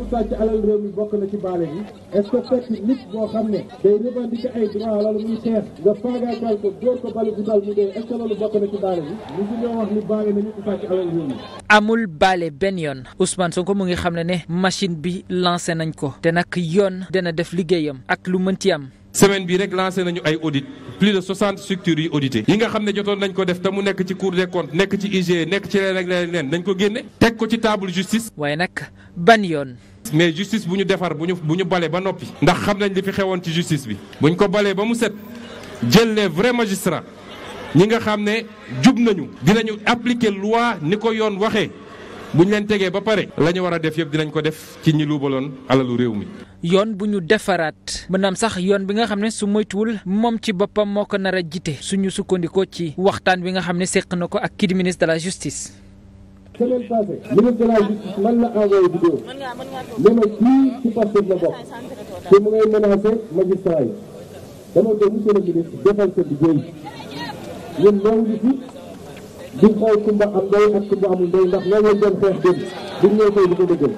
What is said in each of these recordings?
ku bokk na ci baale bi est ce que fekk nit boo xam ko mu ngi amul baale benn yoon Ousmane Sonko mu ngi xam ne ne machine bi lancé nañ ko te nag yoon dana def liggéeyam ak lu mënti am semaine bi rek lancé nañu ay audit plus de 60 structures yu audité yi nga xam ne jotoon nañ ko def te mu nekk ci cour des comptes nekk ci IGE nekk ci leen ak leen dañ ko génne teg ko ci table justice waaye nag ban yoon mais justice bu ñu defar bu ñu bu ñu balee ba noppi ndax xam nañ li fi xewoon ci justice bi ñu ko balee ba mu set jël les vrais magistrats ñi nga xam ne jub nañu dinañu appliquer loi ni ko yoon waxee bu ñu leen tegee ba pare la ñu war a def yëpp dinañ ko def ci ñi luubaloon alalu réew mi. yoon bu ñu defaraat maanaam sax yoon bi nga xam ne su moytuwul moom ci boppam moo ko nar jiite jite suñu sukkandikoo ci waxtaan bi nga xam ne seq na ko ak kii ministre de la justice. semaine passée ministre de la justice man la envoyé vidéo ne ma kii ci Pastef la bokk te mu ngay menacé magistrat yi dama ko monsieur le ministre defal sa liggéey ñun ñoo ngi fi di xool kumba am ndey ak kumba amul ndey ndax ñoo ngi doon dem di ñëw koy di ko dëggal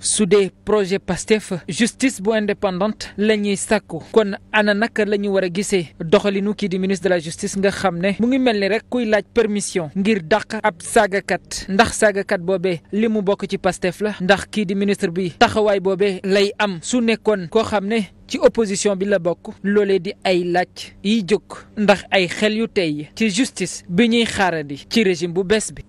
su dee projet PASTEF justice bu indépendante la ñuy sàkku kon ana naka la ñu war a gisee doxalinu kii di ministre de la justice nga xam ne mu ngi mel ni rek kuy laaj permission ngir dàq ab saagakat ndax saagakat boobee li mu bokk ci PASTEF la ndax kii di ministre bi taxawaay boobee lay am su nekkoon koo xam ne ci opposition bi la bokk loolee di ay laaj yi jóg ndax ay xel yu tey ci justice bi ñuy xaarandi ci régime bu bees bi.